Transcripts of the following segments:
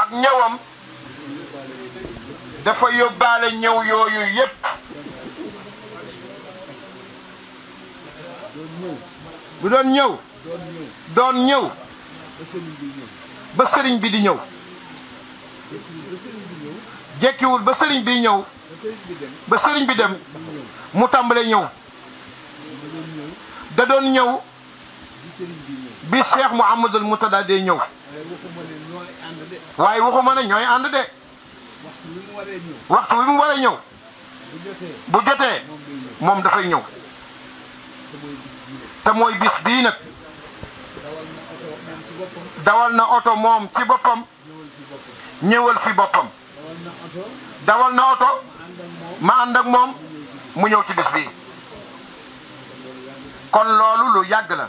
ak ñëwam dafa yóbbaale ñëw yooyu yépp lu doon ñëw doon ñëw ba sëriñ bi di ñëw jekkiwul ba sëriñ bi ñëw ba sëriñ bi dem mu tàmbale ñëw da doon ñëw bi Cheikh Mouhamadul Moutada dee ñëw waaye waxuma ne ñooy ànd de waxtu wi mu waree ñëw bu jotee moom dafay ñëw te mooy bis bii nag dawal na oto moom ci boppam ñëwal fi boppam dawal na oto ma ànd moom mu ñëw ci bis bii kon loolu lu yàgg la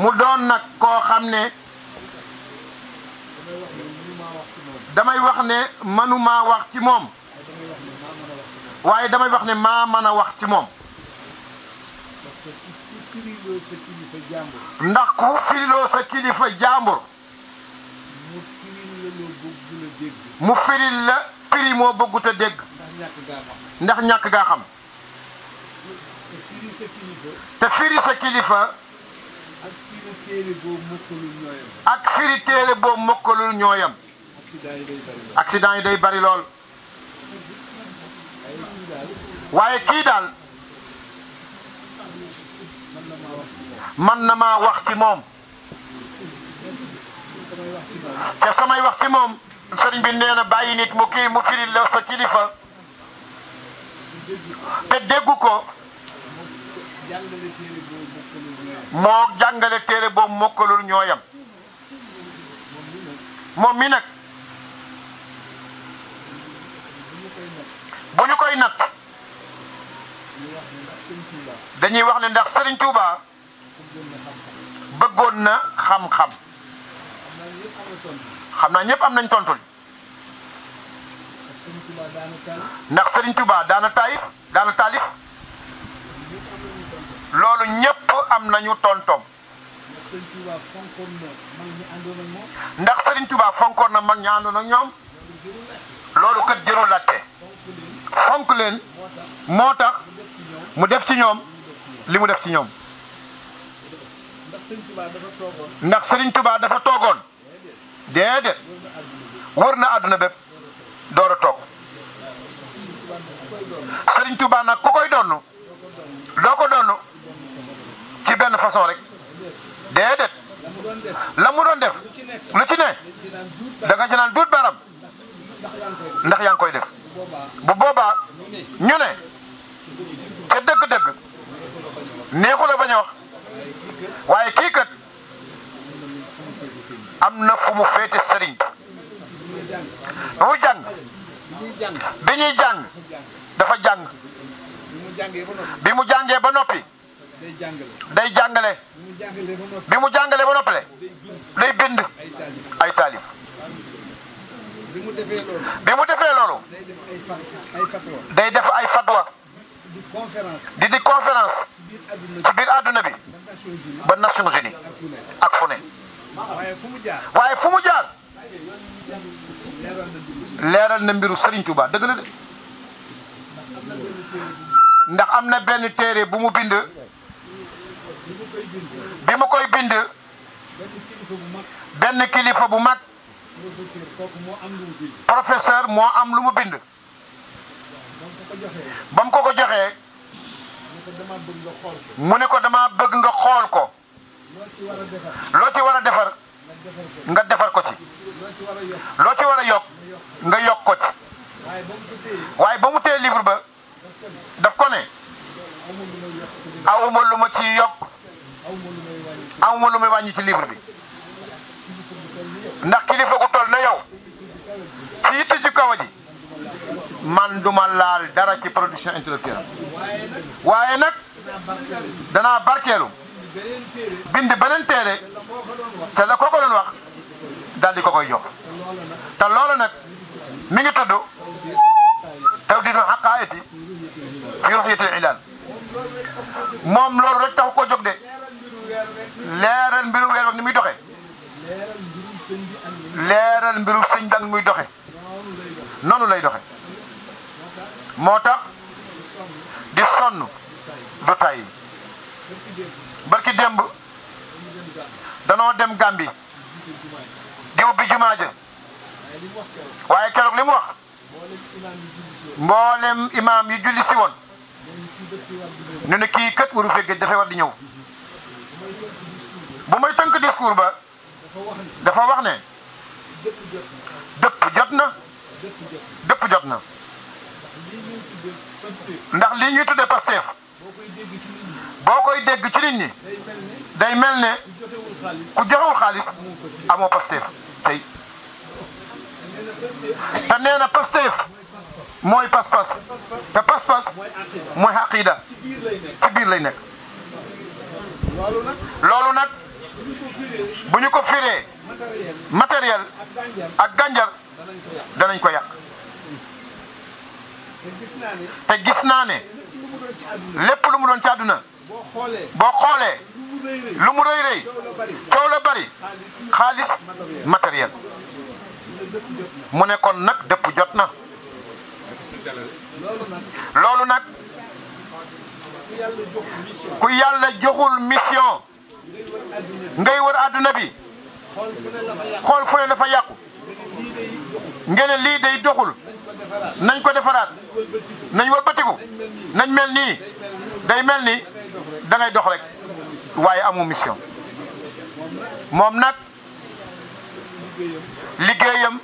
mu doon nag koo xam ne damay wax ne mënumaa wax ci moom waaye damay wax ne maa mën a wax ci moom ndax ku firiloo sa kilifa jàmbur mu firil la firi moo dégg ndax ñàkk gaa xam te firi sa kilifa ak firi téere boobu mokkalul ñooyam. accident yi day bari lool. waaye kii daal man na maa wax ci moom. te samay wax ci moom. sëriñ bi nee na bàyyi nit mu kii mu firi la sa kilifa. te déggu ko. moo jàngale téere boobu mokkalul ñoo yam moom mi nag bu ñu koy nat dañuy wax ne ndax sëriñ Touba bëggoon na xam-xam xam naa ñëpp am nañ tontul ndax sëriñ Touba daana taayif daana taalif loolu ñëpp. am nañu tontom. ndax Serigne Touba fonkoon na mag ñi àndoon ak ndax Serigne Touba fonkoon na mag ñi àndoon ñoom. loolu kat jërul latte fonk leen moo tax mu def ci ñoom li mu def ci ñoom. ndax Serigne tubaa dafa toogoon. ndax Serigne Touba wër na àdduna bépp door a toog Serigne Touba nag ku koy donnu doo ko donnu. façon rek déedéet la mu doon def lu ci ne danga nga naan duut baram ndax yaa ngi koy def bu boobaa ñu ne te dëgg-dëgg neexu a wax waaye kii kat am na fu mu féete sëriñ bi mu jàng bi ñuy jàng dafa jàng bi mu jàngee ba noppi day jàngale day jàngale bi mu jàngale ba noppale day bind ay taalib bi mu defee loolu day def ay fatwa di di di conférence ci biir àdduna bi ba Nations Unies ak fu waaye fu mu jaar leeral na mbiru Serigne Touba dëgg la de ndax am na benn téere bu mu bind. bi mu koy bind benn kilifa bu mag professeur moo am lu mu bind ba mu ko ko joxee mu ne ko dama bëgg nga xool ko loo ci war a defar nga defar ko ci loo ci war a yokk nga yokk ko ci waaye ba mu téye livre ba daf ko ne awuma lu ma ci yokk amuma lu may wàññi ci livre bi ndax kilifa gu toll na yow ci yitte ci kaw ji man duma laal dara ci production intellectuelle waaye nag danaa barkeelu bind beneen téere te la kooko doon wax daal di ko koy jox te loolu nag mi ngi tudd tawdiidu xaqaayati fi ruxyatil ilaal moom loolu rek taxu ko jóg de leeral mbirum weer wi ni muy doxe leeral mbiru sëñ bi muy doxe noonu lay doxe moo tax di sonn du tay barki démb danoo dem Gàmbi di ubbi jumaa ja waaye keroog li mu wax mboolem imaam yi julli si woon ñu ne kii kat waru fekk dafay war di ñëw bu may tënk discours ba dafa wax ne dëpp jot na dëpp jot na ndax lii ñuy tuddee Pastef boo koy dégg ci nit ñi day mel ne ku joxewul xaalis amoo Pastef tey te nee na Pastef mooy pas-pas te mooy xaqiida ci biir lay nekk loolu nag bu ñu ko firee matériel ak gànjar danañ ko yàq te gis naa ne lépp lu mu doon ci àdduna boo xoolee lu mu rëy rëy coow bari xaalis matériel mu ne kon nag dëpp jot na loolu nag ku yàlla joxul mission ngay wër àdduna bi xool fu ne dafa yàqu ngene lii day doxul nañ ko defaraat nañ wëlbatiku nañ mel nii day mel ni dangay dox rek waaye amu mission moom nag liggéeyam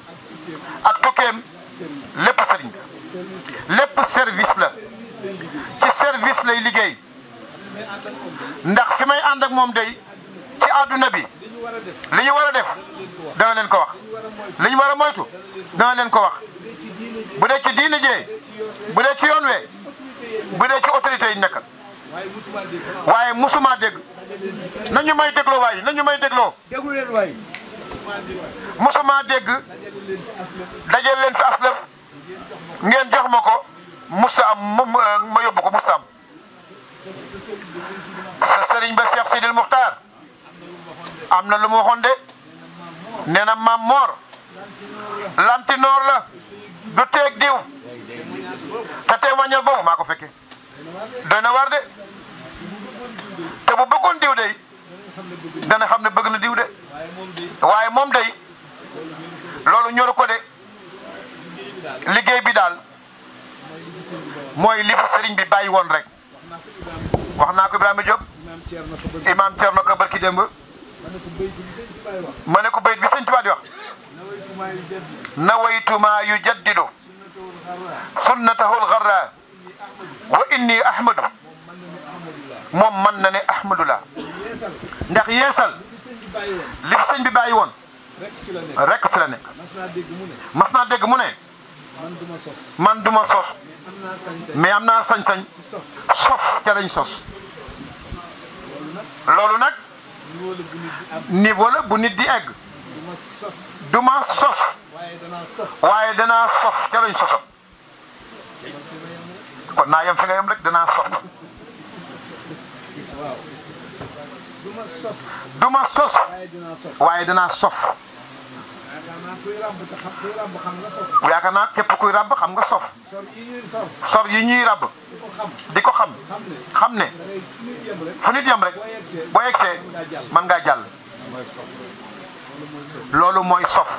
ak tukkeem lépp sëriñ lépp service la ci service lay liggéey ndax fi may àndak moom day ci àdduna bi li ñu war a def dana leen ko wax li ñu war a moytu dana leen ko wax bu dee ci diine jee bu dee ci yoon wee bu dee ci autorité nekk waaye musuma dégg nañu may dégloo waay nañu may dégloo musuma dégg dajal leen fi aslef ngeen jox ma ko musta am ma yóbbu ko musta am sa sëriñ ba Cheikh Sidil Muxtaar am na lu mu waxoon de nee na maam moor lantinoor la du teeg diw te témoignage boobu maa doy na waar de te bu bëggoon diw de dana xam ne bëgg na diw de waaye moom de loolu ñoru ko de liggéey bi daal mooy li sëriñ bi bàyyi woon rek wax naa ko Ibrahima Diop imaam Thierno ko barki démb ma ne ko bayit bi sëñ Tuubaa di wax nawaytu maa yu jaddidu sunnatahul xarra wa inni ahmadu moom mën na ne ahmadullah ndax yeesal li fi sëñ bi bàyyi woon rek ci la nekk mas naa dégg mu ne man duma sos man duma sos mais am naa sañ-sañ sof ca lañ sos loolu nag niveau la bu nit di egg duma ma sos waaye danaa sof ca lañ soso kon naa yem fi yem rek danaa sof du sos waaye danaa sof yaakaar naa képp kuy ràbb xam nga sof. sor yi ñuy ràbb. di ko xam xam ne fu nit yem rek boo yegsee mën ngaa jàll. loolu mooy sof.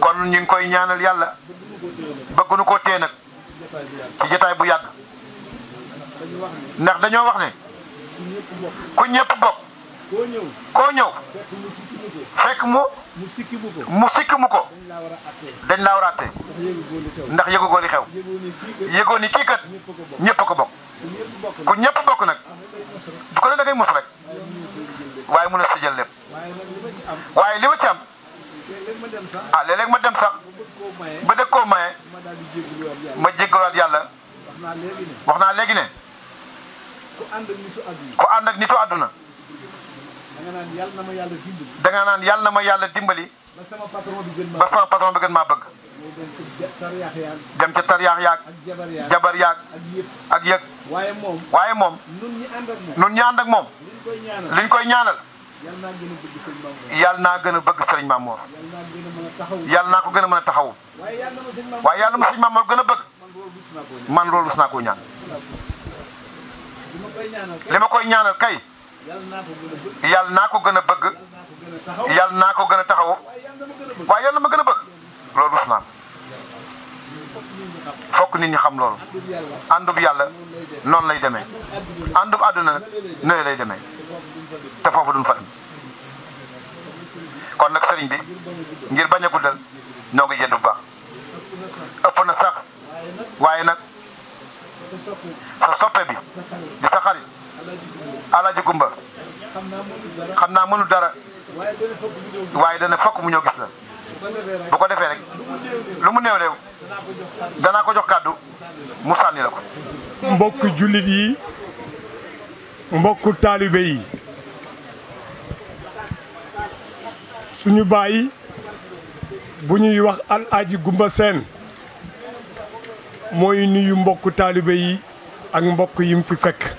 kon ñu ngi koy ñaanal yàlla bëgguñu koo téye nag ci jotaay bu yàgg ndax dañoo wax ne ku ñëpp bokk. koo ñëw fekk mu mu sikki ko dañ laa war a àttee ndax yëgu góor li xew yëgoo ni kii kat ñëpp ko bokk ku ñëpp bokk nag ah, du ko ne da ngay rek waaye mun a si jël lépp waaye li ma ci am ah léeg ma dem sax ba dëkk koo maye ma jégaluwaat yàlla wax naa léegi ne ku ànd ak nitu àdduna. nga naan yàlla na ma yàlla dimbali. da nga ba sama patron bi gën maa ba bëgg. dem ca tariyaax yaag. jabar yaag ak yëg waaye moom. waaye moom. nun ñi ànd ak moom nun ñi koy ñaanal liñ yàlla naa gën a bëgg sëriñ Mamour. yàlla naa ko gën a mën a taxawu. waaye yàlla na ma sëriñ Mamour gën a bëgg. man loolu rus naa koo ñaan. li ma koy ñaanal kay. yàlla naa ko gën a bëgg yàlla naa ko gën a taxaw waaye yàlla ma gën a bëgg loolu wax naa fokk nit ñi xam loolu àndub yàlla noonu lay demee àndub àdduna noonu lay demee te foofu duñ fa dem kon nag sëriñ bi ngir bañ a guddal ñoo ngi jënd bu baax ëpp na sax waaye nag sa soppe bi di sa xarit alaaji gumba xam naa mënu dara waaye dana fokk mu ñëw gis la bu ko defee rek lu mu néew néew danaa ko jox kàddu mu sànni ko mbokk jullit yi mbokku taalibe yi suñu bàyyi bu ñuy wax alaaji gumba seen mooy nuyu mbokk taalibe yi ak mbokk yi mu fi fekk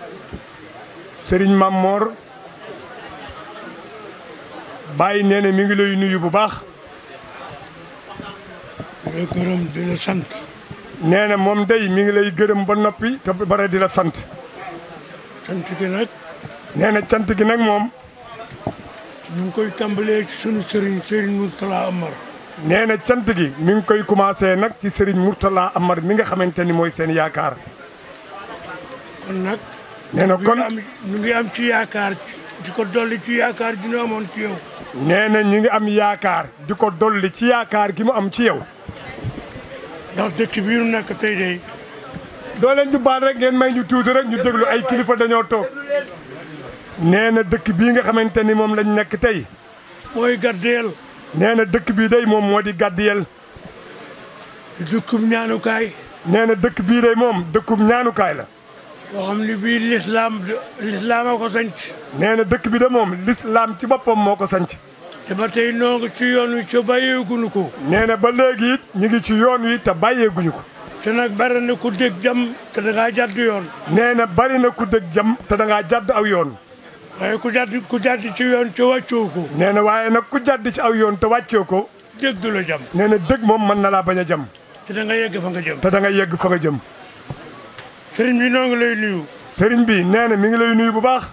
sëriñ Mamor bàyyi neene mi ngi lay nuyu bu baax. di gërëm di sant. nee na moom day mi ngi lay gërëm ba noppi te bare dina la sant. cant gi nag. nee cant gi nag moom. ñu ngi koy tàmbalee ci sunu sëriñ sëriñ Mourtala Amar. nee cant gi mi ngi koy commencé nag ci sëriñ Mourtala Amar mi nga xamante ni mooy seen yaakaar. kon nag. nee na kon ñu ngi am ci yaakaar di ko dolli ci yaakaar gi ñu amoon ci yow. nee na ñu ngi am yaakaar di ko dolli ci yaakaar gi mu am ci yow. ndax dëkk bii nu nekk tey de. doo leen ñu baal rek ngeen may ñu tuuti rek ñu déglu ay kilifa dañoo toog. nee na dëkk bii nga xamante ni moom lañ nekk tey. mooy gàddeel. nee dëkk bii day moom moo di gàddeel. di dëkkub ñaanukaay. nee na dëkk bii day moom dëkkub ñaanukaay la. yoo xam ne bii lislaam lislaam a ko sanc nee na dëkk bi de moom lislaam ci boppam moo ko sanc te ba tey noo ci yoon wi te bàyyeeguñu ko nee na ba léegi it ñu ngi ci yoon wi te bàyyeeguñu ko te nag bari na ku dëgg jam te da ngaa yoon nee na bari na ku dëgg jam te da ngaa jàdd aw yoon waaye ku jàdd ku jàdd ci yoon te wàccoo ko nee na waaye nag ku jàdd ci aw yoon te wàccoo ko dëgg la jam nee na dëgg moom mën na laa bañ a jam te da nga yegg fa nga jëm da nga yegg fa nga jëm sëriñ bi noo ngi lay nuyu. sëriñ bi nee mi ngi lay nuyu bu baax.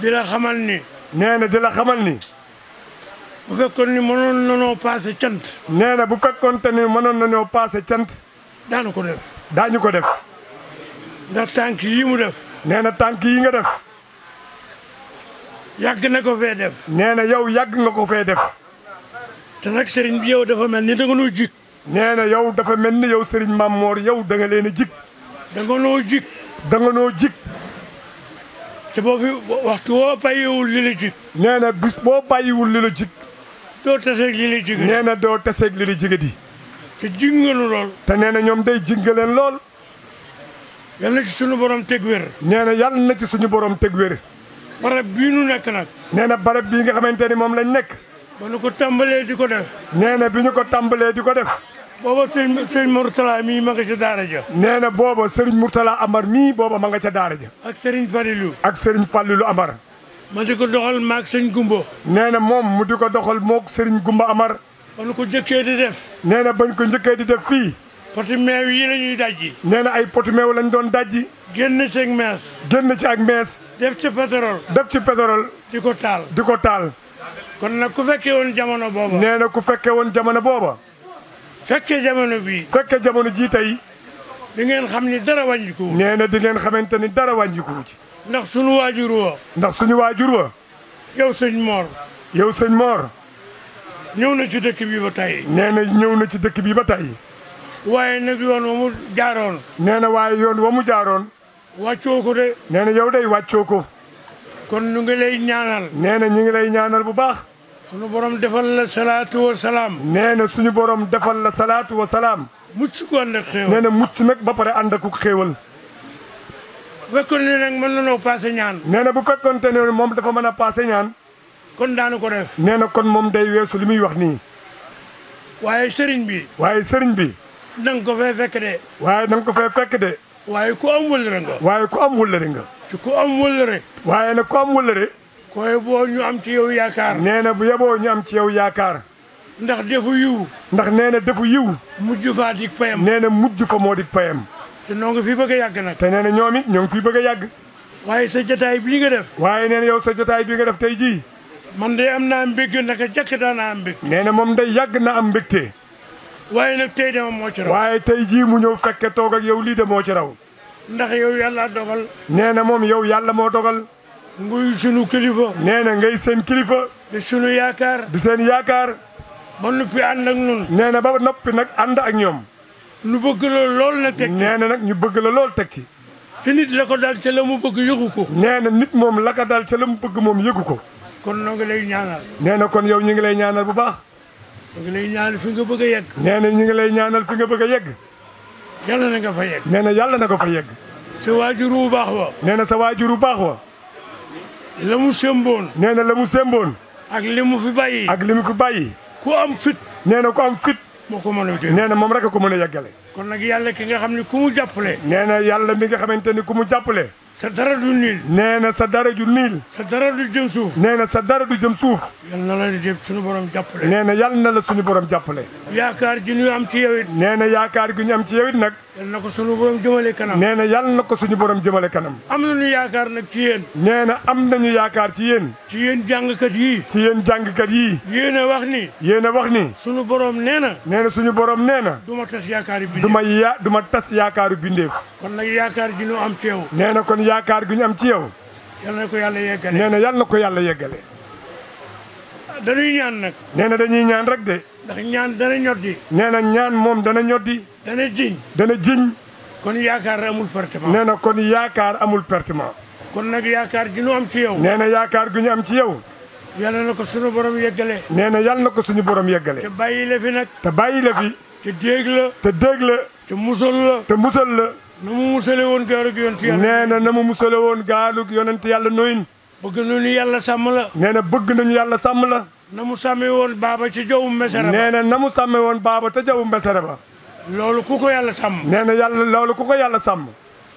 di xamal ni. nee dila di xamal ni. bu fekkoon ni mënoon nanoo paase cant. nee bu fekkoon te ni mënoon nanoo paase cant. daanu ko def. daañu ko def. ndax tànk yi mu def. nee na tànk yi nga def. yàgg na ko fee def. nee na yow yàgg na ko fee def. te nag sëriñ bi yow dafa mel ni danga noo jik. nee na yow dafa mel ni yow sëriñ Mamor yow danga leen a jik. da nga noo jik da nga te boo fi waxtu woo bàyyiwul li la jik bis boo bàyyiwul lila la jik doo taseeg li la jig doo taseeg li la jiga di te jinganu lool te nee ñoom day jingaleen lool yal na ci suñu borom teg wér nee na yal na ci suñu borom teg wér barab bii nu nekk nag nee na barab bii nga xamante ni moom lañ nekk ba ko tàmbalee di ko def nee bi ñu ko tàmbalee di ko def booba sëriñ sëriñ Mourtala mii ma nga ca daara ja nee na booba sëriñ Mourtala Amar mii booba ma nga ca daara ja ak sëriñ Falilou ak sëriñ Falilou Amar ma di ko doxal maag sëñ Gumba nee na moom mu doxal moog sëriñ Gumba Amar ba nu ko njëkkee di def nee na bañ ko njëkkee di def fii poti meew yi la ñuy dajji nee na ay poti meew lañ doon dajji génn ci ak mees génn ci ak mees def ci pétrole def ci pétrole di ko taal di ko taal kon nag ku fekkee woon jamono booba nee na ku fekkee woon jamono booba fekke jamono bii. fekke jamono jii tey. di ngeen xam ni dara wàññiku. nee na di ngeen xamante ni dara wàññiku ci. ndax suñu waajur wa. ndax suñu waajur wa. yow sëñ Mor. yow sëñ Mor. ñëw na ci dëkk bi ba tey. nee ñëw na ci dëkk bi ba tey. waaye nag yoon wa mu jaaroon. nee na waaye yoon wa mu jaaroon. wàccoo ko de. nee na yow day wàccoo ko. kon ñu ngi lay ñaanal. nee na ñu ngi lay ñaanal bu baax. sunu borom defal la salaatu wa salaam. nee na suñu borom defal la salaatu wa salaam. mucc ko ànd ak xéewal nee na mucc nag ba pare ànd ak xéewal. bu mën na noo paase ñaan. nee na bu fekkoonte ne moom dafa mën a paase ñaan. kon daanu ko def. na kon moom day weesu li muy wax nii. waaye sëriñ bi. waaye sëriñ bi. na ko fee fekk de. waaye na ko fee fekk de. waaye ko am wëllëre nga. waaye ku am wëllëre nga. ci ku am wëllëre. waaye nag ku am wëllëre. ko boo ñu am ci yow yaakaar. nee na bu yeboo ñu ci yow yaakaar. ndax defu yiw. ndax nee na defu yiw. mujj faa dik payam. nee na mujj fa moo dik payam. te noo ngi fi bëgg yàgg nag. te nee na ñoom it ñoo ngi fi bëgg a yàgg. waaye sa jotaay bii nga def. waaye nee na yow sa jotaay bii nga def tey jii. man de am naa mbégte naka jàkk daan naa am mbégte. nee na moom day yàgg na am mbégte. waaye nag tey dama moo ci waaye tey jii mu ñëw fekke toog ak yow lii de moo ci raw. ndax yow yàlla dogal. nee yow yàlla moo dogal. nguy sunu kilifa. nee na ngay seen kilifa. di sunu yaakaar. bi seen yaakaar. ba noppi ànd ak ñun. nee ba noppi nag ànd ak ñoom. ñu bëgg la lool na teg ci. nag ñu bëgg la lool teg ci. te nit la ko dal ca la mu bëgg yëgu ko. nee na nit moom la ko dal ca la mu bëgg moom yëgu ko. kon noo ngi lay ñaanal. nee na kon yow ñu ngi lay ñaanal bu baax. ñu ngi lay ñaanal fi nga bëgg a yegg. nee ñu ngi lay ñaanal fi nga bëgg a yegg. yàlla na nga fa yegg. nee na yàlla na nga fa yegg. sa waajur wu baax wa. nee na sa waajur wu baax wa. la mu semboon. nee na la mu semboon. ak li mu fi bàyyi. ak li mu fi bàyyi. ku am fit. nee na ku am fit. moo ko mën a nee na moom rek a ko mën a yàggale. kon nag yàlla ki nga xam ne ku mu jàppale. nee na yàlla mi nga xamante ni ku mu jàppale. sa dara du niil. nee na sa dara du niil. sa dara du jëm suuf. nee na sa dara du jëm suuf. yal na la di suñu borom jàppale. nee na yal na la suñu borom jàppale. yaakaar ji ñu am ci yow it. nee na yaakaar gi ñu am ci yow it nag. na ko suñu borom jëmale kanam. nee na yal na ko suñu borom jëmale kanam. am na nañu yaakaar nag ci yéen. nee na am nañu yaakaar ci yéen. ci yéen jàngkat yi ci yéen jàngkat yii. yéen a wax ni. yéen a wax ni. suñu borom nee na. nee na suñu borom nee na. du ma du ma ya du ma tas yaakaaru bindeef. kon nag yaakaar gi ñu am ci yow. nee na kon yaakaar gi ñu am ci yow. yal na ko yàlla yeggale nee na yal na ko yàlla yeggale. dañuy ñaan nag. nee na dañuy ñaan rek de. ndax ñaan dana ñoddi. nee na ñaan moom dana ñoddi. dana jiñ. dana jiñ. kon yaakaar amul pertement. nee na kon yaakaar amul pertement. kon nag yaakaar gi ñu am ci yow. nee na yaakaar gi ñu am ci yow. yàlla na ko suñu borom yeggale. nee na yàlla na ko suñu borom yeggale. bàyyi la nag. te bàyyi la te déeg te déeg la te musal la te musal la na mu musale woon gaalug yonent yàlla nee na na mu musale woon gaalug yonent yàlla noyin bëgg nañu yàlla sàmm la nee na bëgg yàlla sàmm la na mu sàmme woon baaba ca jawu mbesere ba nee na na mu sàmme woon baaba ca jawu mbesere ba loolu ku ko yàlla sàmm nee na yàlla loolu ku ko yàlla sàmm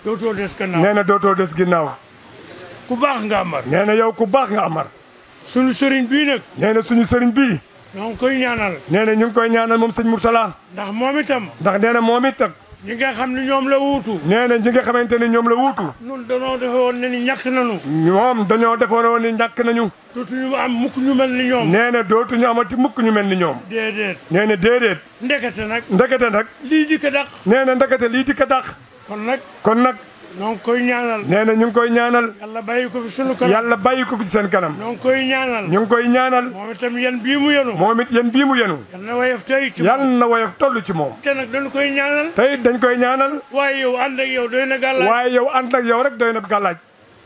dootoo des gannaaw nee na dootoo des ginnaaw ku baax nga amar nee na yow ku baax nga amar suñu sëriñ bii nag nee suñu sëriñ bii ñoo ngi koy ñaanal nee na ñu ngi koy ñaanal moom sëñ Mourtala ndax moom itam ndax nee na moom itam ñi nga xam ne ñoom la wuutu nee na ñi nga xamante ne ñoom la wuutu ñun dañoo defe woon ne ni ñàkk nañu ñoom dañoo defoon woon ni ñàkk nañu dootuñu am mukk ñu mel ni ñoom nee na dootuñu amati mukk ñu mel ni ñoom déedéet nee na déedéet ndekete nag ndekete nag lii di ko dàq nee na ndekete lii di ko dàq kon nag kon nag ñoo ngi koy ñaanal. nee na ñu ngi koy ñaanal. yàlla bàyyi ko fi yàlla bàyyi ko fi seen kanam. ñoo ngi koy ñaanal. ñu ngi koy ñaanal. moom itam yan bii mu yenu. moom it yan bii mu yenu. yal na woyof tey ci moom yal na woyof toll ci moom. te nag dañ koy ñaanal. tey dañ koy ñaanal. waaye yow yow doy na waaye yow ànd yow rek doy na gàllaaj.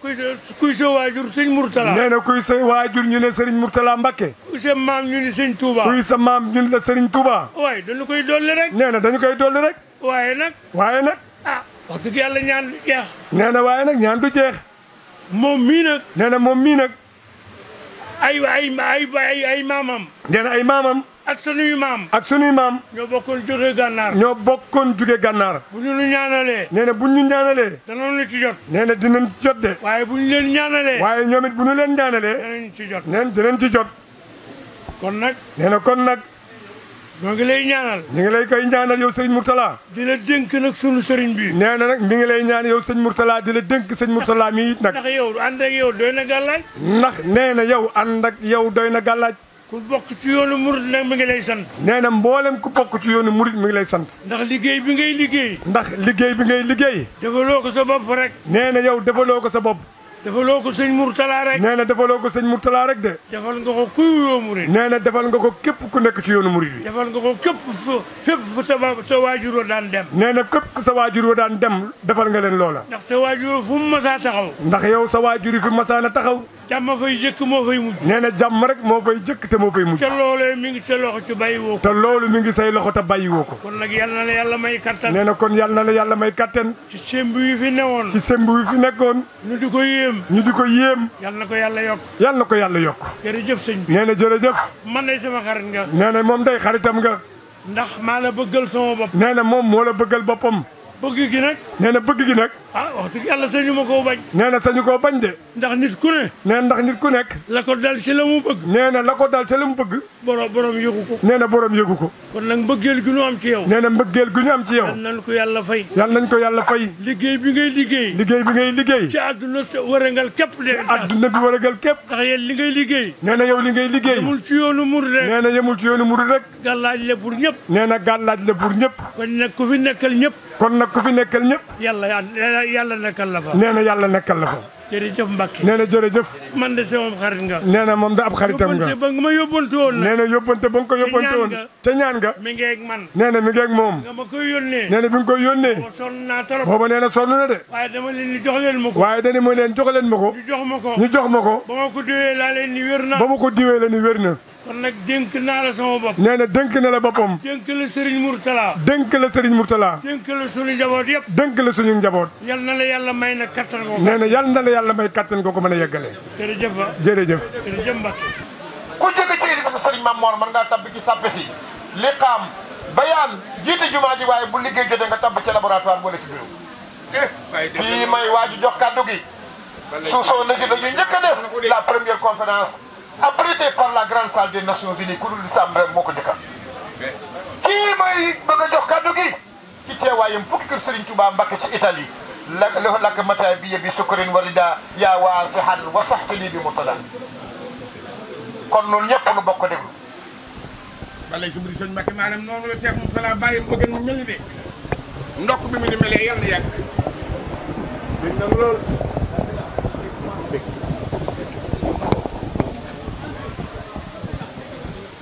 kuy sa kuy sa waajur sëñ Mourtala. nee na kuy sa waajur ñu ne Serigne Mourtala Mbacke. kuy sa maam ñu ne sëñ Touba. kuy sa maam ñu ne la Serigne Touba. waaye dañu koy dolli rek. nee na dañu koy dolli rek. waaye nag. wax dëgg yàlla ñaan du jeex. nee na nag ñaan du jeex. moom mii nag. nee na moom mii nag. ay ay ay ay ay maamam. nee ay maamam. ak sunuy maam. ak sunuy maam. ñoo bokkoon jóge gànnaar. ñoo bokkoon jóge gànnaar. bu ñu ñaanalee. nee bu ñu ñaanalee. danañu ci jot. nee na dinañ ci de. waaye bu leen ñaanalee. waaye ñoom it bu ñu leen ñaanalee. dinañ ci jot nee na dinañ ci jot. kon nag. nee na kon nag. ñoo ngi lay ñaanal ñu ngi lay koy ñaanal yow sëriñ Mourtala di la dénk nag sunu sëriñ bi nee na nag mi ngi lay ñaan yow sëñ Mourtala di la dénk sëñ Mourtala mi it nag ndax yow ànd ak yow doy na gàllaaj ndax nee na yow ànd ak yow doy na gàllaaj ku bokk ci yoonu murit nag mi ngi lay sant nee na mboolem ku bokk ci yoonu murit mi ngi lay sant ndax liggéey bi ngay liggéey ndax liggéey bi ngay liggéey defaloo ko sa bopp rek nee na yow defaloo ko sa bopp defaloo ko sëñ Mourtala rek. nee na defaloo ko sëñ Mourtala rek de. defal nga ko kuy wuyoo murid. nee na defal nga ko képp ku nekk ci yoonu murid bi. defal nga ko képp fu fépp fu sa sa waajur wa daan dem. nee na fépp fu sa waajur wa daan dem defal nga leen loola. ndax sa waajur fu mu masaa taxaw. ndax yow sa waajur yi fi masaa na taxaw. jàmm fay jëkk moo fay mujj. nee na jàmm rek moo fay jëkk te moo fay mujj. te loolee mi ngi sa loxo te bàyyiwoo ko. te loolu mi ngi say loxo te bàyyiwoo ko. kon nag yal na la yàlla may kattan. na kon yal na la yàlla may kattan. ci semb wi fi newoon. ci semb wi fi nekkoon. ñu di ko yéem. ñu di ko yéem. yal na ko yàlla yokk. yal na ko yàlla yokk. jërëjëf sëñ bi. nee na jërëjëf. man day sama xarit nga. nee moom day xaritam nga. ndax maa la bëggal sama bopp. nee na moom moo la bëggal boppam. bëgg gi nag. nee bëgg gi nag ah wax dëgg yàlla sañu ma koo bañ nee na sañu koo bañ de ndax nit ku ne nee na ndax nit ku nekk la dal ci la bëgg nee na la ko dal ci la mu bëgg borom borom yëgu ko nee na borom yëgu ko kon nag mbëggeel gu ñu am ci yow nee na mbëggeel gu ñu am ci yow yal nañ ko yàlla fay yal nañ ko yàlla fay liggéey bi ngay liggéey liggéey bi ngay liggéey ci àdduna wërëngal képp de àdduna bi wërëngal képp ndax yéen li ngay liggéey nee na yow li ngay liggéey yemul ci yoonu mur rek nee na yemul ci yoonu mur rek gàllaaj la pour ñëpp nee na gàllaaj la pour ñëpp kon nag fi nekkal ñëpp kon nag ku fi nekkal ñëpp yàlla yàlla nekkal la fa. nee na yàlla nekkal la fa. jërëjëf Mbacke nee na jërëjëf. man de sama xarit nga. nee na moom da ab xaritam nga yóbbante ba nga ma yóbbante woon nee ba nga ko yóbbante woon ca nga mi ngi ak moom nga bi nga koy yónnee sonn booba nee na na de waaye dama ma leen jox leen ma ko jox ma ba ma ko diwee laa leen ni wér na kon nag dénk naa la sama bopp. nee na dénk na la boppam. dénk la Serigne Mourtala. dénk la Serigne Mourtala. dénk la suñu njaboot yëpp. dénk la suñu njaboot. yal na la yàlla may na kattan googu. yàlla may kattan googu mën a yeggale. jërëjëf ba jërëjëf. jërëjëf Mbacke. ku jóge ci yéen ba sa Serigne Mame Mor ngaa tabb ci sàppe si liqaam bayaan jiite jumaa ji waaye bu liggéey jotee nga tabb ci laboratoire wala ci bureau. Eh, fii may waaju jox kàddu gi. suusoo na ci dañuy njëkk a def la première conférence abrité par la grande salle des nations unies ku lu lislaam rek moo ko njëkkal kii may bëgg a jox kaddu gi ci teewaayam fukki kër Serigne Touba Mbacke ci Italie lak lak mata bi yebi sukkurin warida yaa waasihan wa saxtali bi mu tadal kon noonu ñëpp nu bokk déglu balay subri sëñ Mbacke maanaam noonu la Cheikh Moussa Sala bàyyi bëgg mu mel ni de ndokk bi mu ni melee yal na yàgg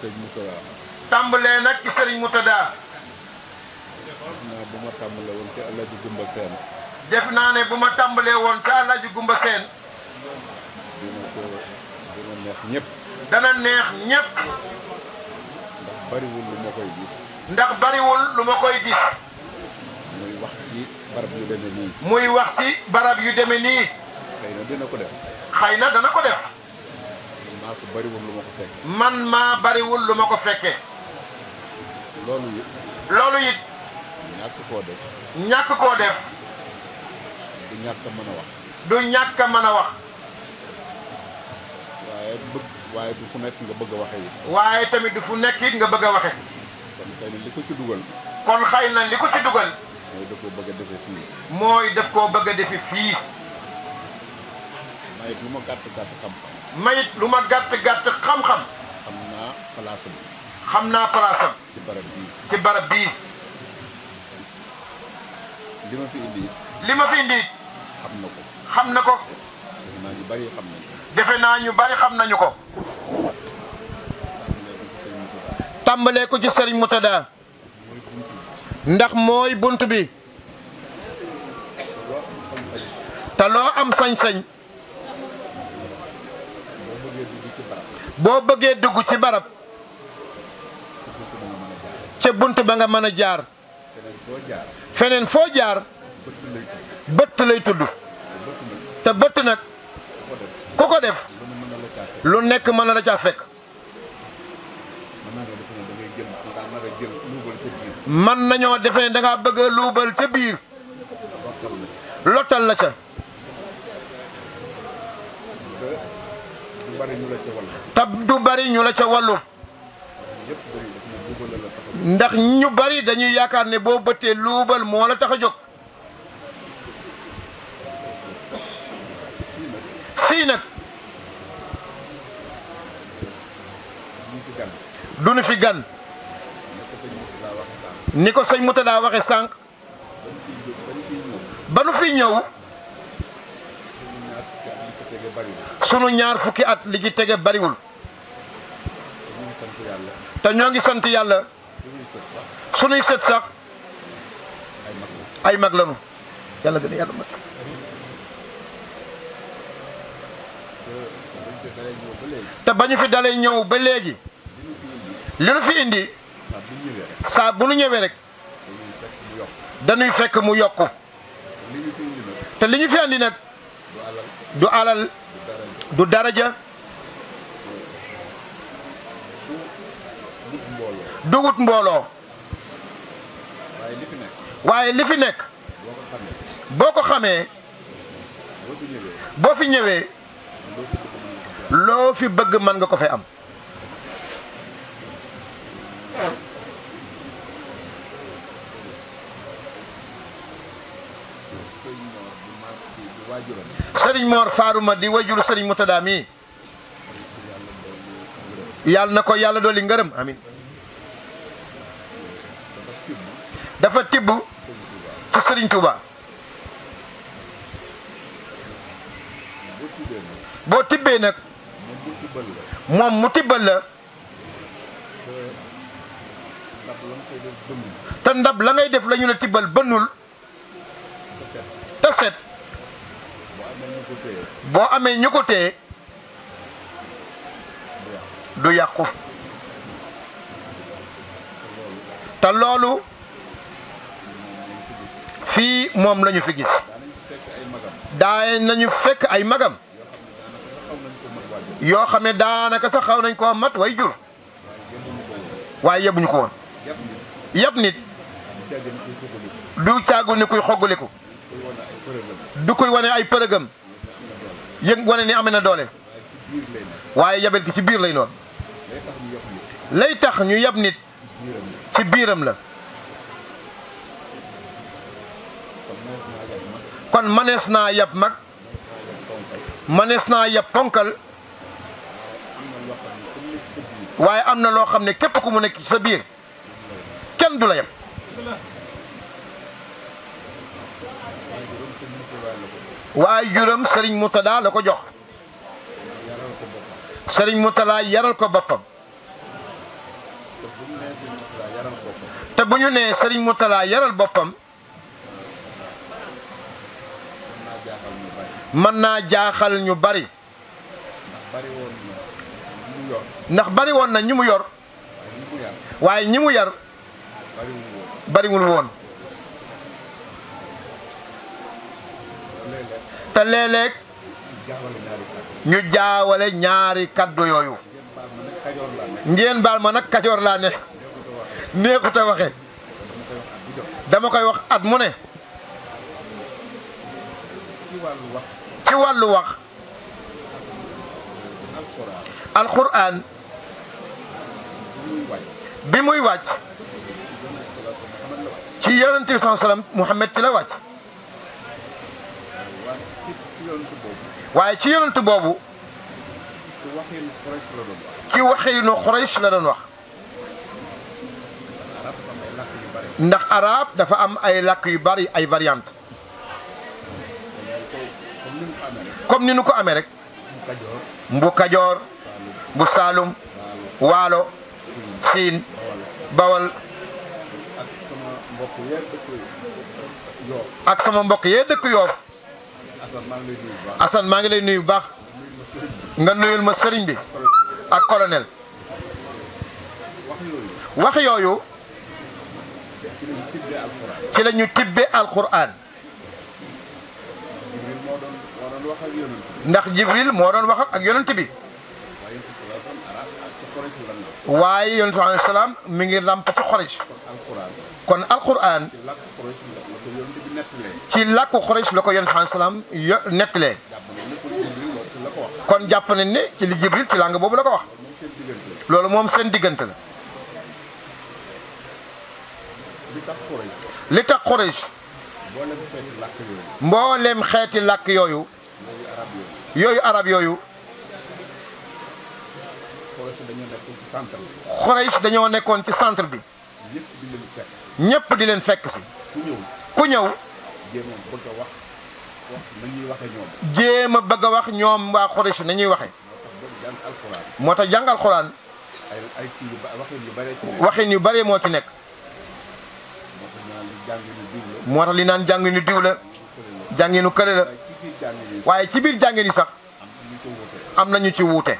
sëñ Moutada. tàmbalee nag ci sëriñ Moutada. def naa ma tàmbalee woon ci El Hadj Gumba def naa ne bu ma tàmbalee woon ci El Gumba Seen. dina ko dina neex ñëpp. dana neex ñëpp. ndax bariwul lu ma koy gis. ndax bariwul lu ma koy gis. muy wax ci barab yu demee nii. muy wax ci barab yu demee nii. xëy na dina ko def. xëy na dana ko def. maa ko bariwul lu ma ko fekke man maa bariwul lu ma ko fekkee loolu it loolu it ñàkk koo def ñàkk koo def du ñàkk mën a wax du ñàkk mën a wax waaye bëgg du fu nekk nga bëgg a waxe it waaye tamit du fu nekk it nga bëgg a waxe kon xëy na li ko ci dugal kon xëy na li ko ci dugal mooy daf koo bëgg defe fii mooy daf koo bëgg defe fii mayit lu ma gàtt gàtt xam-xam. lu ma gàtt gàtt xam-xam. naa palaasam. xam naa palaasam. ci barab bii. ci barab bii. li ma fi indi. li ma fi indi. xam na xam na ko. defe naa ñu bari xam nañu ko. defe naa ñu bari xam nañu ko. tàmbalee ko ci Serigne Moutada. ndax mooy bunt bi. te loo am sañ-sañ. boo bëggee dugg ci barab ca bunt ba nga mën a jaar feneen foo jaar bët lay tudd te bëtt nag ku ko def lu nekk mën na la caa fekk mën nañoo defe ne dangaa bëgg a luubal ca biir lottal la ca bari ñu la ca tab du bari ñu la ca wallu. ndax ñu bari dañuy yaakaar ne boo bëttee luubal moo la tax a jóg. fii nag. du nu fi gan. ni ko sëñ daa waxe sànq. ba nu fi ñëw. sunu ñaar fukki at li ci tege bariwul te ñoo ngi sant yàlla sunuy sët sax ay mag lanu yàlla te ba ñu fi dalee ñëw ba léegi li nu fi indi saa bu nu ñëwee rek dañuy fekk mu yokk te li ñu fi indi nag du alal du daraja dugut mbooloo waaye li fi nekk boo ko xamee boo fi ñëwee loo fi bëgg mën nga ko fi am sëriñ Mor Faaruma di wajuru sëriñ Moutada mii yàlla na ko yàlla dolli ngërëm amin dafa tibb ci sëriñ Touba boo tibbee nag moom mu tibbal la te ndab la ngay def la ñu la tibbal bënnul te set boo amee ñu ko téye du yàqu te loolu fii moom lañu fi gis daay nañu fekk ay magam yoo xam ne daanaka sax xaw nañ koo mat way jur waaye yebuñu ko woon yëpp nit du caagu ni kuy xoggaliku du koy wane ay përëgam yëg wane ni amee na doole waaye yabet gi ci biir lay noonu lay tax ñu yab nit ci biiram la kon manees naa yab mag manees naa yab ponkal waaye am na loo xam ne képp ku mu nekk ci sa biir kenn du la yab waaye juram sëriñ Murtada la ko jox sëriñ Murtada yaral ko boppam te bu ñu nee sëriñ Murtada yaral boppam mën naa jaaxal ñu bari ndax bari woon na ñi mu yor waaye ñi mu yar bariwul woon te léeg ñu jaawale ñaari kaddu yooyu ngeen baal ma nag kajoor laa ne neexut waxe dama koy wax at mu ne ci wàllu wax alxuraan bi muy wàcc ci yonent bi sallallahu alayhi wa sallam Muhammad ci la wàcc waaye ci yonent boobu. ci waxinu Xurays la doon wax. ndax arab dafa am ay lakk yu bari ay variant comme ni nu ko amee rek. mbu Kajoor. bu Saalum. Waalo. Siin. Bawal. ak ak sama mbokk yee dëkk Yoof. Assane maa ngi lay nuyu bu baax nga nuyul ma sëriñ bi ak colonel wax yooyu ci la ñu tibbe alquran ndax jibril moo doon wax ak yonent bi waaye yonent alayhi salaam mi ngi làmp ci xorij kon alquran ci làkku Quraysh la ko yonent bi salaam yo nettalee kon jàpp nañ ne ci li ci làng boobu la ko wax loolu moom seen diggante la li tax Quraysh mbooleem xeeti làkk yooyu yooyu arab yooyu Quraysh dañoo nekkoon ci centre bi ñépp di leen fekk si ku ñëw jéem a a wax wax ñoom. jéem a bëgg wax nañuy waxee. moo tax jàngal Alxuraan. yu waxin yu bëree moo ci nekk. moo tax li naan jànginu diw la. jànginu kële la. waaye ci biir jàngin yi sax. am nañu ci wuute.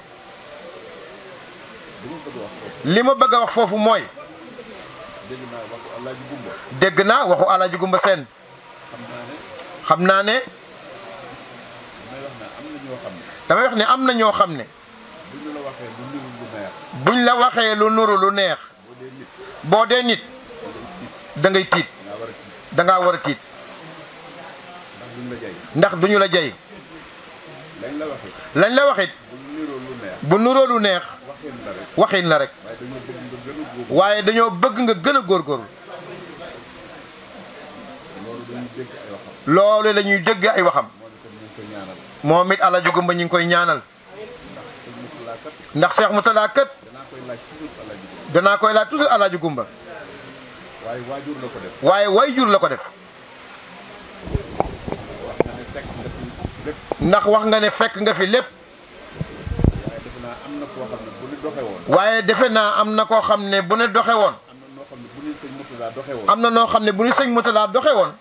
li ma bëgg a wax foofu mooy. dégg naa waxu Alaaji naa waxu Alaaji Gumba Seen. xam naa ne. damay wax ne am na ñoo xam ne. buñ la waxee lu nuru lu neex. boo dee nit. dangay ngay tiit. da ngaa war a tiit. ndax duñu la jay. lañ la waxit lañ la waxit bu nuroo lu neex waxin la rek waaye dañoo bëgg nga gën a góorgóorlu loolu lañuy ñuy ay waxam moom it ala jugum ñu ngi koy ñaanal ndax seex Moutalla kat danaa koy laaj toujours El Hadj Gumba waaye waajur la ko def waaye waajur la ko def ndax wax nga ne fekk nga fi lépp waaye defe naa am na koo xam ne bu ne doxe woon am na noo xam ne bu ne sëñ Moutalla doxe noo xam ne bu ne sëñ Moutalla doxe woon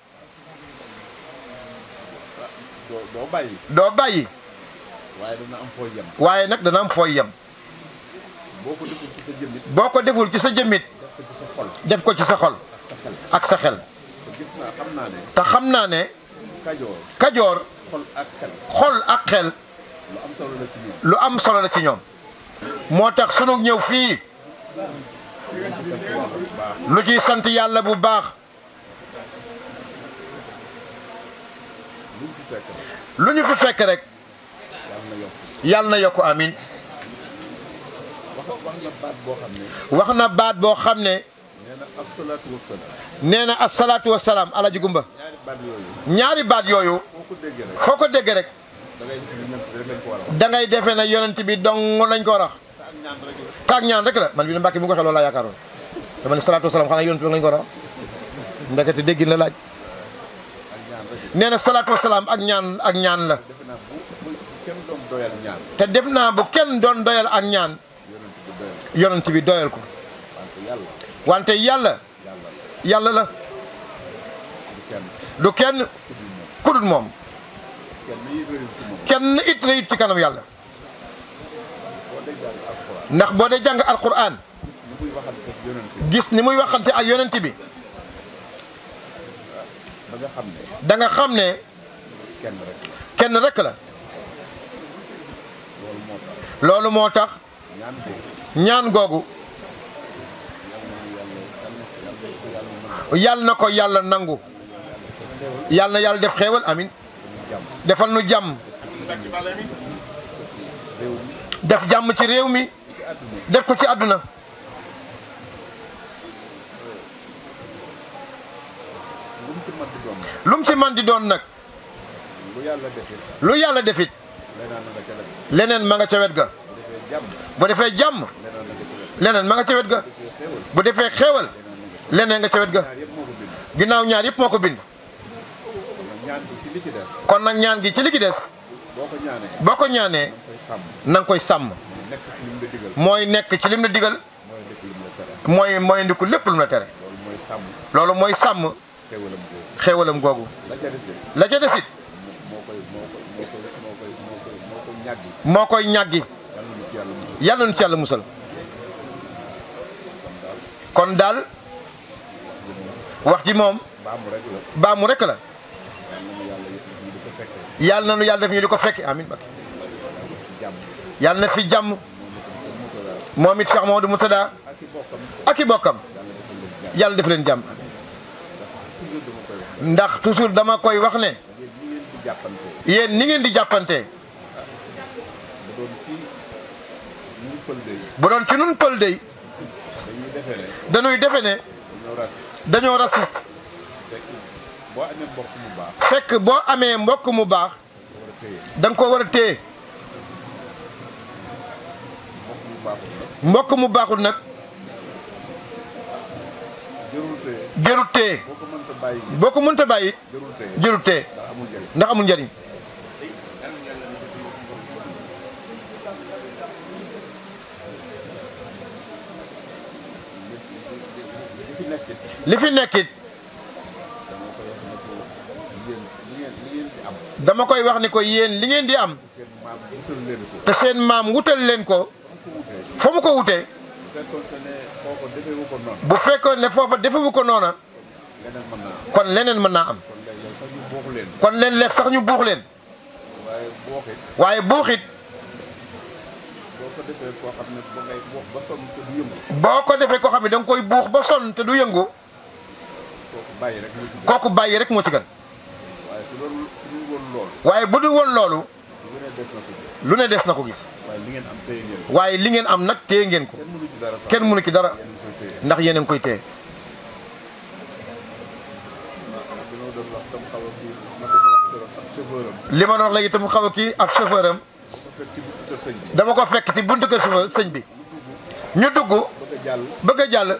doo doo bàyyi. doo bàyyi. waaye dana am fooy yem. waaye nag dana am fooy yem. boo ko deful ci sa jëmmit. boo ko deful ci sa jëmmit. def ko ci sa xol. def ko ci sa ak sa xel. gis naa xam naa ne. te xam naa ne. kajoor. kajoor. xol ak xel. xol lu am solo la ci ñoom. moo tax sunu ñëw fii. lu ciy sant yàlla bu baax. lu ñu fi fekk rek yàlla na yokk amin wax na baat boo xam ne nee na asalaatu wasalaam alaji gumba ñaari baat yooyu foo ko dégg rek da ngay defee na yonent bi dong lañ ko war a ñaan rek la man bi na Mbàkke bi mu ko waxee loolu laa yaakaaroon dama ne salaatu wasalaam xanaa yonent bi lañ ko war a wax ndekete laaj nee na salaatu wasalaam ak ñaan ak ñaan la te def naa bu kenn doon doyal ak ñaan yonent bi doyal ko wante yàlla yàlla la du kenn ku moom kenn it la it ci kanam yàlla ndax boo dee jàng alquran gis ni muy waxante ak yonent bi da nga xam ne. xam ne. kenn rek la. loolu moo tax. ñaan googu. ñaan na ko yàlla nangu. yàlla na yàlla def xéewal amin defal nu jàmm. def jàmm ci réew mi. def ko ci àdduna. lu mu ci man di doon nag lu yàlla defit leneen ma nga ca wet ga bu defee jàmm leneen ma nga ca wet ga bu defee xéewal leneen nga ca wet ga ginnaaw ñaar yëpp moo ko bind kon nag ñaan gi ci li ci des boo ko ñaanee na nga koy sàmm mooy nekk ci lim la digal mooy mooy ndiku lépp lu mu la tere loolu mooy sàmm xéewalam googu. la ca desit moo koy moo koy ñàggi. yal nañu ci yàlla musal. kon daal wax ji moom baamu rekk la yàlla na nu yàlla def ñu di ko fekke amin bakk na fi jàmm moom it Cheikh Mamadou Moutada ak i bokkam yàlla def leen jàmm ndax toujours dama koy wax ne yéen ni ngeen di jàppante bu doon ci nun pël dey dañuy defe ne dañoo raciste fekk boo amee mbokk mu baax da nga ko war a téye mbokk mu baaxul nag jërul téye boo ko mënta bàyyi jërul tee ndax amul njariñ li fi nekkit dama koy wax ni ko yéen li ngeen di am te seen maam wutal leen ko foo mu ko wutee bu fekkoon ne foofa defewu ko noona kon leneen mën naa am kon leen lekk sax ñu buux leen waaye buuxit boo ko defee koo xam ne da koy buux ba sonn te du yëngu kooku bàyyi rek moo ci gën waaye bu dul woon loolu lu ne des na ko gis waaye li ngeen am nag téye ngeen ko kenn mënu ci dara ndax yéen ngi koy téye li ma doon léegi itam xaw a kii ab chauffeur am dama ko fekk ci buntu kër chauffeur sëñ bi ñu dugg bëgg a jàll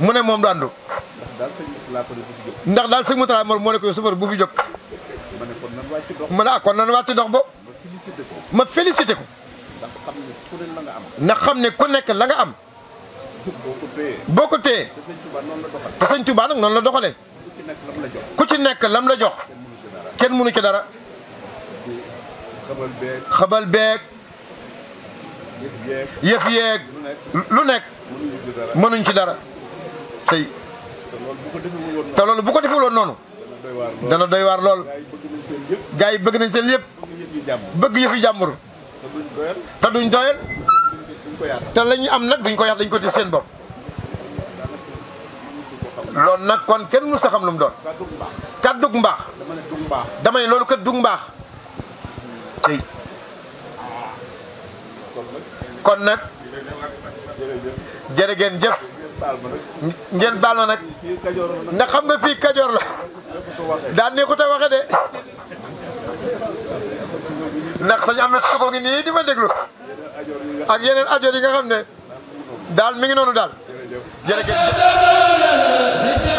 mu ne moom du àndu ndax daal sëñ Moutala moom moo ne ko chauffeur bu fi jóg ma ne ah kon nan wàcc dox ba ma félicité ko ndax xam ne ku nekk la nga am boo ko téye te sëñ Touba nag noonu la doxalee ku ci nekk lam la jox. kenn mënu ci dara xabal beeg xabal beeg yëf yeeg lu nekk mënuñ ci dara tey te loolu bu ko defee noonu dana doy waar lool gars yi bëgg nañ seen yëpp bëgg yëf yi jàmbur te duñ doyal te la ñu am nag duñ ko yax dañ ko di seen bopp loolu nag kon kenn mun sa xam lu mu doon kaddug mbaax mbaax dama ne loolu kat dug mbaax tey kon nag jërë ngeen jëf ngeen baal ma nag ndax xam nga fii kajoor la daan ne ko waxe de ndax sañ amet suko ngi nii di ma déglu ak yeneen ajoor yi nga xam ne daal mi ngi noonu daal jërë jëf